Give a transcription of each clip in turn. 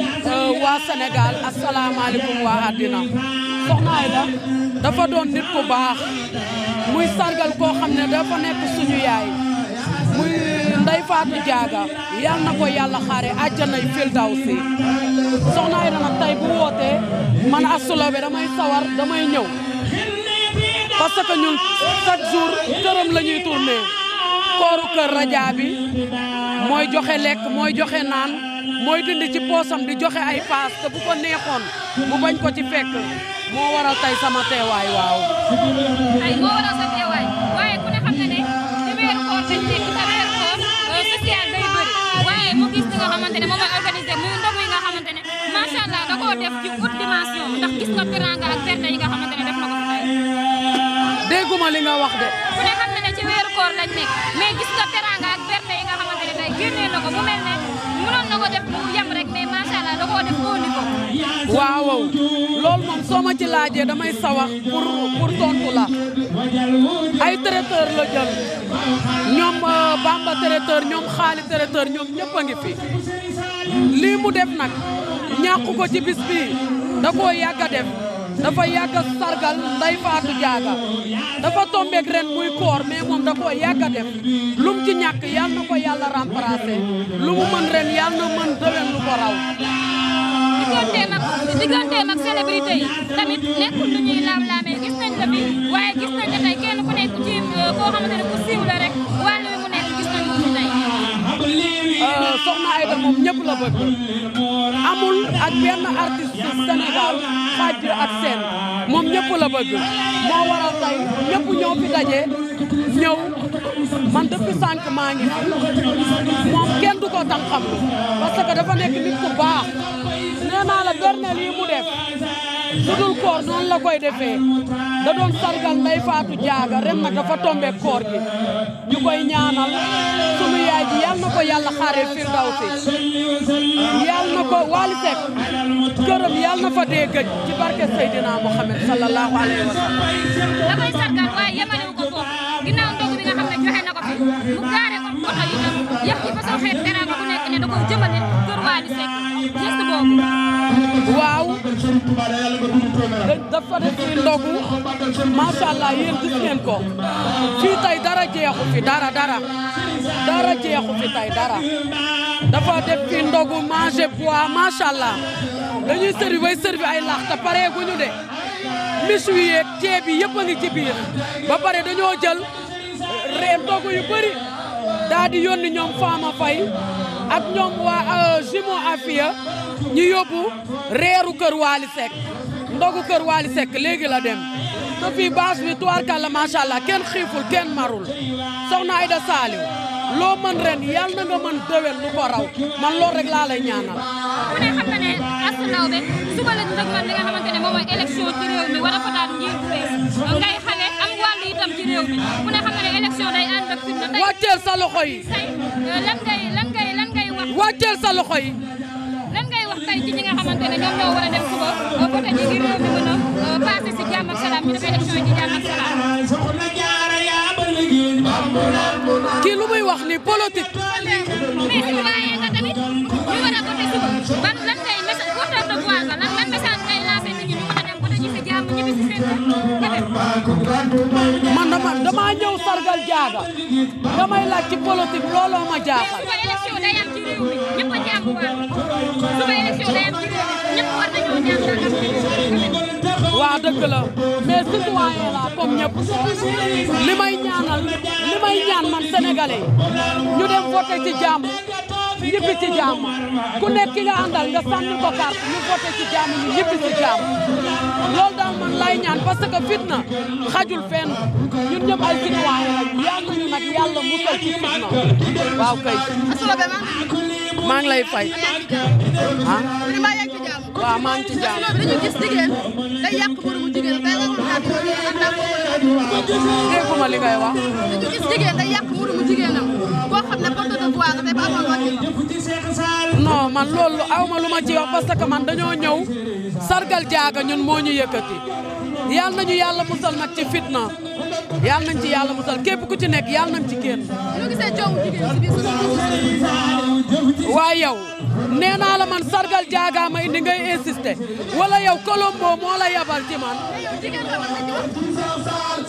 Euh, waa Sénégal asalaamaaleykum waa àddina soxna Aida dafa doon nit ku baax muy sargal koo xam ne dafa nekk suñu muy Ndeye Fatou Diaga yal na ko yàlla xaare àjjanay firdawsi soxna Aida nag tey bu wootee man asulabe damay sawar damay ñëw parce que ñun chaque jour këram la ñuy kooru kër rajo bi mooy lekk mooy joxe naan mooy dindi ci poosam di joxe ay paas te bu ko neexoon mu bañ ko ci fekk moo waral tey sama teewaay waaw. ay moo waral sa teewaay waaye ku xam na ne ci weeru koor dañ nekk te weeru koor euh, social day bëri waaye mu gis li nga xamante ne moom mooy organisé muy ndogu yi nga xamante ne macha allah def ci haute dimension ndax gis nga teranga ak bernde yi xamante ne def na ko fi dégguma li nga wax de. ku xam na ne ci weeru koor lañ nekk mais gis waawaw loolu moom soo ma ci laajee damay sawax pour pour tontu la ay traiteur la jël ñoom euh, Bamba traiteur ñoom Xaali traiteur ñoom ñëpp a ngi fi lii mu def nag ñàkku ko ci bis bii da koo yàgg a def dafa yàgg a sargal Ndeye Fatou Diaga dafa tombeek ren muy koor mais moom da koo def lu mu ci ñàkk yàlla na ko yàlla remplacer lu mën ren yàlla na mën déwén lu ko raw digganteem ak célébrité tamit nekkul lu ñuy laam nañ la waaye gis nañ la tey kenn ku nekk ci euh, koo xamante ne rek wàll wi mu nekk gis nañ ko ci tey. Euh, moom ñëpp la amul ak benn artiste Sénégal xaaj ak seen moom ñëpp la bëgg moo waral ñëpp ñoo fi ñëw man depuis sànq maa ngi fi moom kenn du ko tam xam parce dafa nekk nit ku baax nee la berne lii mu def su dul koor noonu la koy defee da doon sargal Ndeye Fatou Diaga ren nag dafa tombe koor gi ñu koy ñaanal sunu yaay ji yal na ko yàlla xaaree firdawsi yal na ko Wally këram yal na fa dee gëj ci barke Seydina Mouhamed sallallahu alayhi dafa def fi ndogu macha allah yéen gis ngeen ko fii tey dara jeexu fi dara dara dara jeexu fi tey dara dafa def fi ndogu manger bois macha allah dañuy servi bay servi ay laax te pare guñu de mis wi yeeg ceeb yi yëpp a ngi ci biir ba pare dañoo jël reen ndogu yu bëri daa di yónni ñoom Fama Faye ak ñoom waa euh, Jimo Afia ñu yóbbu reeru kër Waly Seck ndogu kër Waly léegi la dem te fii bâche bi tubaarkàlla macha allah kenn xiiful kenn marul soxna Aida Saliou loo mën ren yal na nga mën déwén lu ko man loolu rek laa ñaanal. ku ne xam na ne askanaaw bi suba la ñu dëgmal li nga xamante ne moom mooy élection ngay xale am wàll itam ci réew ku ne xam na ne élection day ànd ak fitna. wàcceel sa loxo yi. Euh, sa loxo yi. tey ci ñi nga ni politique. man dama damaa sargal jaaga damay laaj ci politique looloo ma réew mi ñëpp a jàpp waaw suba élection li may ñaanal li may ñaan man sénégalais ñu dem voté ci jàmm ñibbi ci jàmm ku ki nga àndal nga sànni ko carte ñu ci jàmm ñu ci jàmm loolu daal man lay ñaan parce fitna xajul fenn ñun ñëpp ay ci fitna waaw kay. maa ngi lay fay ah. waaw maa ngi ci jàmm. dañu gis jigéen day yàq moromu jigéen day la woon naan ànd ak moom. dégguma li ngay wax. dañu gis jigéen xam ne porte de man loolu aw ma lu ma ci wax parce que man dañoo ñëw sargal jaaga ñun moo ñu yëkkati yàlla nañu yàlla musal nag ci fitna yàlla nañ ci yàlla musal képp ci nekk yàlla nañ ci génn. ñu gisee naa la man sargal jaaga ma indi ngay insister wala yow Colombo moo la yabal ci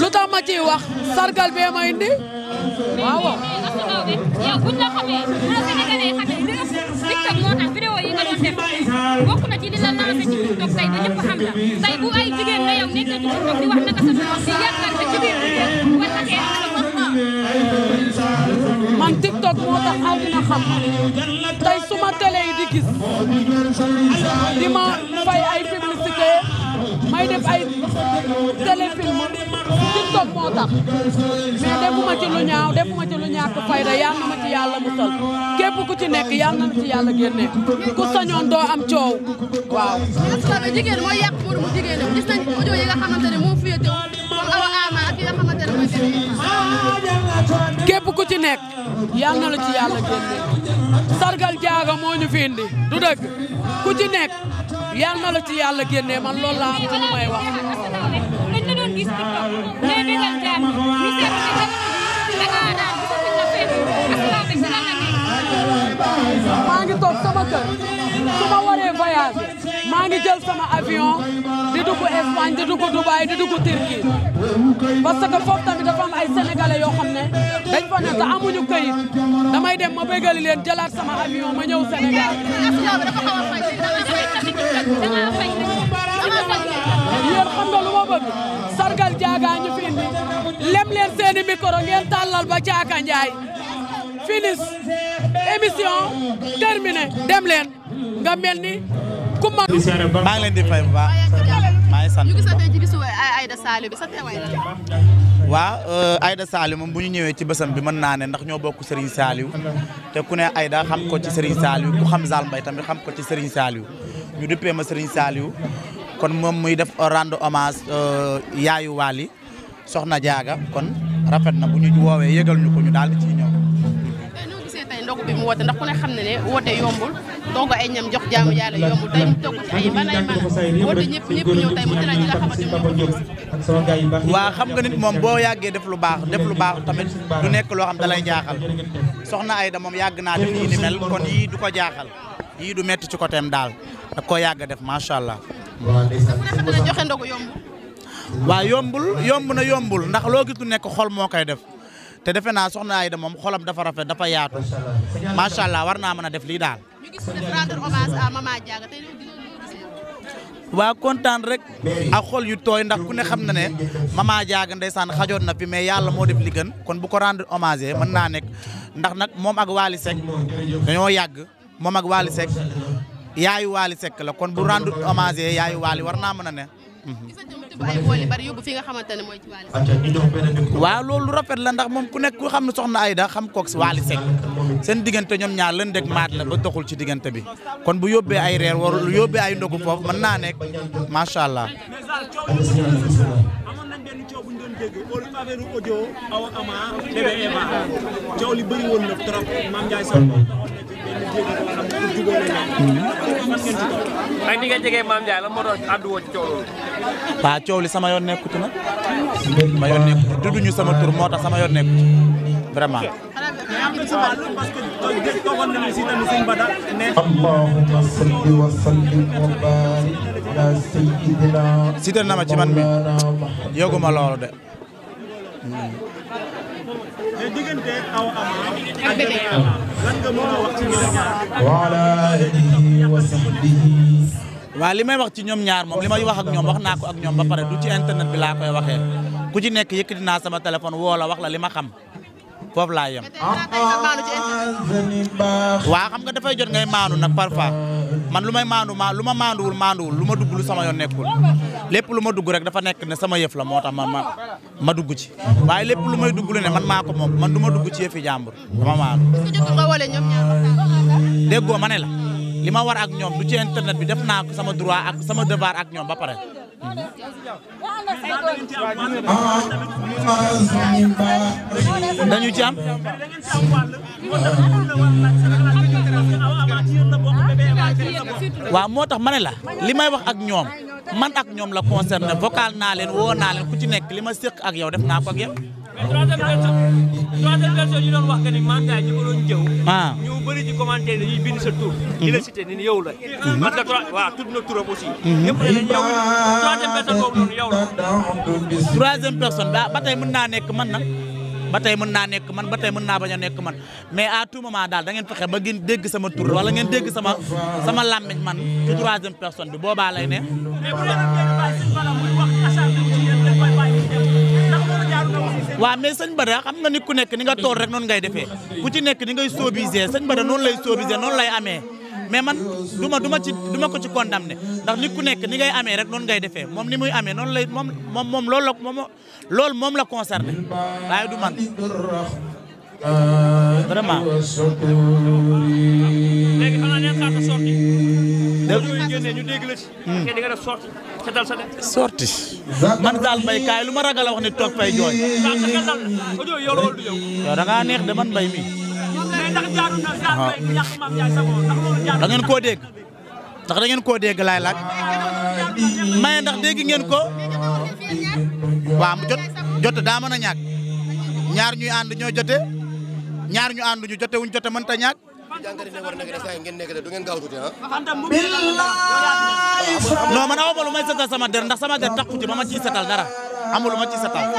lu tax ma sargal bee ma indi. waaw waaw. yow buñ la xamee bu la Sénégalais xamee li nga TikTok moo tax vidéo yi nga doon def bokk na ci li la lancé ci TikTok tey ba ñëpp xam la tey bu ay jigéen la yow nekk ci TikTok di wax naka sa doom di yàggal sa ci biir wala man TikTok moo tax àddina xam tey suma télé yi di gis di ma fay ay publicité may def ay téléfilm toog moo tax mais defuma ci lu ñaaw defuma ci yàlla musal képp ku ci nekk yal na ma ci yàlla génne doo am coow waaw. mais jigéen mooy yàq pour mu jigéen ñoom gis ci nekk yal na la ci yàlla génne sargal jaaga moo ñu du dëgg ku ci nekk yal na la ci yàlla génne man loolu laa am ci lu may maa ngi toog sama kër waree voyage maa jël sama avion di dugg Espagne di dugg Dubaï di dugg Turquie parce que foofu tamit dafa ay sénégalais yoo ne dañ fa ne amuñu këyit damay dem ma bëggali leen jëlaat sama avion ma ñëw Sénégal. yéen xam lu ma bëgg sargal jaaga fi indi lem leen seeni micro ngeen tàllal ba caaka finis émission terminé dem nga mel ni ku ma. maa ngi leen di fay bu baax maa waaw euh, ayda Saliou moom bu ñu ñëwee ci bësam bi mën naa ne ndax ñoo bokk Serigne Saliou te ku ne Aïda xam ko ci Serigne Saliou ku xam Zal Mbaye tamit xam ko ci Serigne Saliou ñu duppee ma sëriñ Saliou kon moom muy def euh, rendre hommage euh, yaayu Waly soxna Diaga kon rafet na bu ñu woowee yëgal ñu ko ñu daal di ciy ñëw. ndogu bi mu xam ne ne woote jox jaamu yàlla yombul tey mu togg ci ay nga xam nga nit moom boo yàggee def lu baax def lu baax tamit du nekk loo xam da lay jaaxal soxna da moom yàgg naa def yii ni mel kon yii du ko jaaxal yii du metti ci côté am daal da koo yàgg def macha allah. joxe ndogu yombul. yomb na yombul ndax loo gis du nekk xol moo koy def te defe naa soxna da moom xolam dafa rafet dafa yaatu macha allah war naa mën a def lii daal. ñu gis kontaan rek ak xol yu tooy ndax ku ne xam na ne Mama Diaga ndeysaan xajoon na fi mais yàlla moo def li kon bu ko rendre hommage mën naa nekk ndax nag moom ak Wally Seck dañoo yàgg moom ak Wally Seck yaayu Wally Seck la kon bu rendre hommage yaayu Wally war naa mën a ne. ay bool fi nga xamante ne mooy ci Wally Seck. waaw loolu rafet la ndax moom ku nekk ku xam ne soxna Aida xam koog si Wally Seck seen diggante ñoom ñaar lëndëg maat la ba doxul ci diggante bi kon bu yóbbee ay reer warul yóbbee ay ndogu foofu mën naa nekk macha allah. coow ak ni nga coow li sama yoon nekkut na. sama yoon nekkut tudd ñu sama tur moo tax sama yoon nekkut vraiment. na ne. allahumma salli wa na ma ci man mi yëguma loolu de. waaw li may wax ci ñoom ñaar moom li may wax ak ñoom wax naa ko ak ñoom ba pare du internet bi laa koy waxee ku ci nekk yëkkati naa sama téléphone woo la wax la li ma xam foofu laa yem. waaw xam nga dafay jot ngay maanu nag parfois. man lu may maandu ma lu ma maanduwul maanduwul lu ma dugg sama yon nekkul lépp lu ma dugg rek dafa nekk ne sama yëf la moo tax man ma ma dugg ci waaye lépp lu may dugg lu ne man maa moom man luma ma dugg ci yëfi jàmbur dama maandu. déggoo ma la li ma war ak ñoom du ci internet bi def naa sama droit ak sama devoir ak ñoom ba pare. dañu waaw moo tax ma ne la li may wax ak ñoom man ak ñoom la concerné vocal naa leen woo naa leen ku ci nekk li ma séq ak yow def naa ko ak yow. mais troisième personne troisième personne yi doon wax que ni mandat ngaa ko doon jëw. ah ñu bëri ci commentaire dañuy bind sa tur. di la mhm. cité ni yow la. parce mhm. que mhm. naa nekk man nag. ba tey mën naa nekk man ba tey mën naa bañ a nekk man mais à tout moment daal da ngeen fexe ba ngeen dégg sama tur wala ngeen dégg sama sama làmmiñ man ci troisième personne bi boobaa lay ne. waaw mais sëñ Bada xam nga nit ku nekk ni nga tool rek noonu ngay defee ku ci nekk ni ngay soobisee sañ Bada noonu lay soobisee noonu lay amee. mais man du ma du ci du ma ko ci condamné ndax nit ku nekk ni gay amee rek noonu ngay defee moom ni muy amee noonu lay moom moom moom loolu la moom loolu moom la concerné waaye du man vraiment. léegi xanaa ne xaata sorti. dégg ñu dégg hmm. dal man daal mbay kaay lu ma ragal a wax ni toog jooy. waaw sa neex de man bay mi. da ngeen koo dégg ndax da ngeen koo dégg laay laaj maye ndax dégg ngeen ko waaw mu jot jot daa mën a ñàkk ñaar ñuy ànd ñoo jote ñaar ñu ànd ñu jote wuñ jote mënta ñàkk non man aw ma lu may setal sama der ndax sama der takku ci ba ma ciy setal dara amuluma ci sa taal.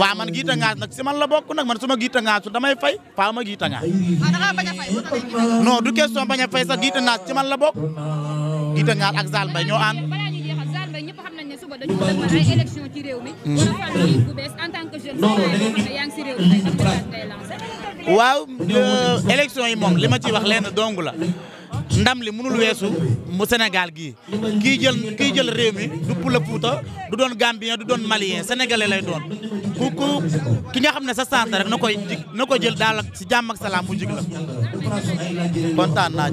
waaw man giita ngaas nag si man la bokk nag man su giita ngaasu damay fay faa ma giita ngaas. non du question bañ a fay sax giita ngaas ci man la bokk giita ngaas ak Zal Mbaye ñoo ànd. Mm. waaw euh, élection yi moom li ma ciy wax lenn dong la. ndam li mënul weesu mu Sénégal gi kii jël kii jël réew mi du Pula du doon Gambien du doon Malien sénégalais lay doon ku ku ki nga xam ne sa sant rek na koy na ko jël daal si jàmm ak salaam bu la kontaan naa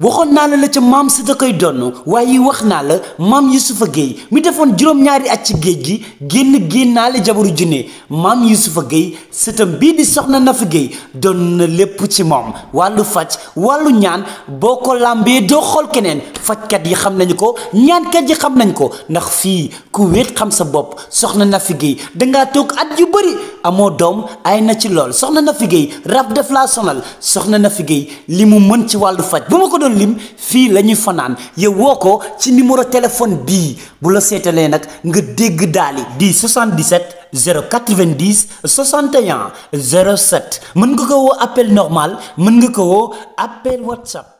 waxoon naa la la ca maam si da koy donn waaye wax naa la maam Yusufa Gueye mi defoon juróom-ñaari at ci géej gi génn génnaale jabaru junne maam Yusufa Gueye sëtam bii di soxna Nafi Gueye doon na lépp ci moom wàllu faj wàllu ñaan boo ko làmbee doo xool keneen fajkat yi xam nañu ko ñaankat yi xam nañ ko ndax fii ku wéet xam sa bopp soxna Nafi géey dangaa toog at yu bari amoo doom ay na ci lool soxna na fi géey rab def laa sonal soxna na fi géey li mu mën ci wàllu faj bu ma ko doon lim fii la ñuy fanaan yow woo ko ci numéro téléphone bii bu la seetalee nag nga dégg daali di 77 090 61 07 mën nga ko woo appel normal mën nga ko woo appel whatsapp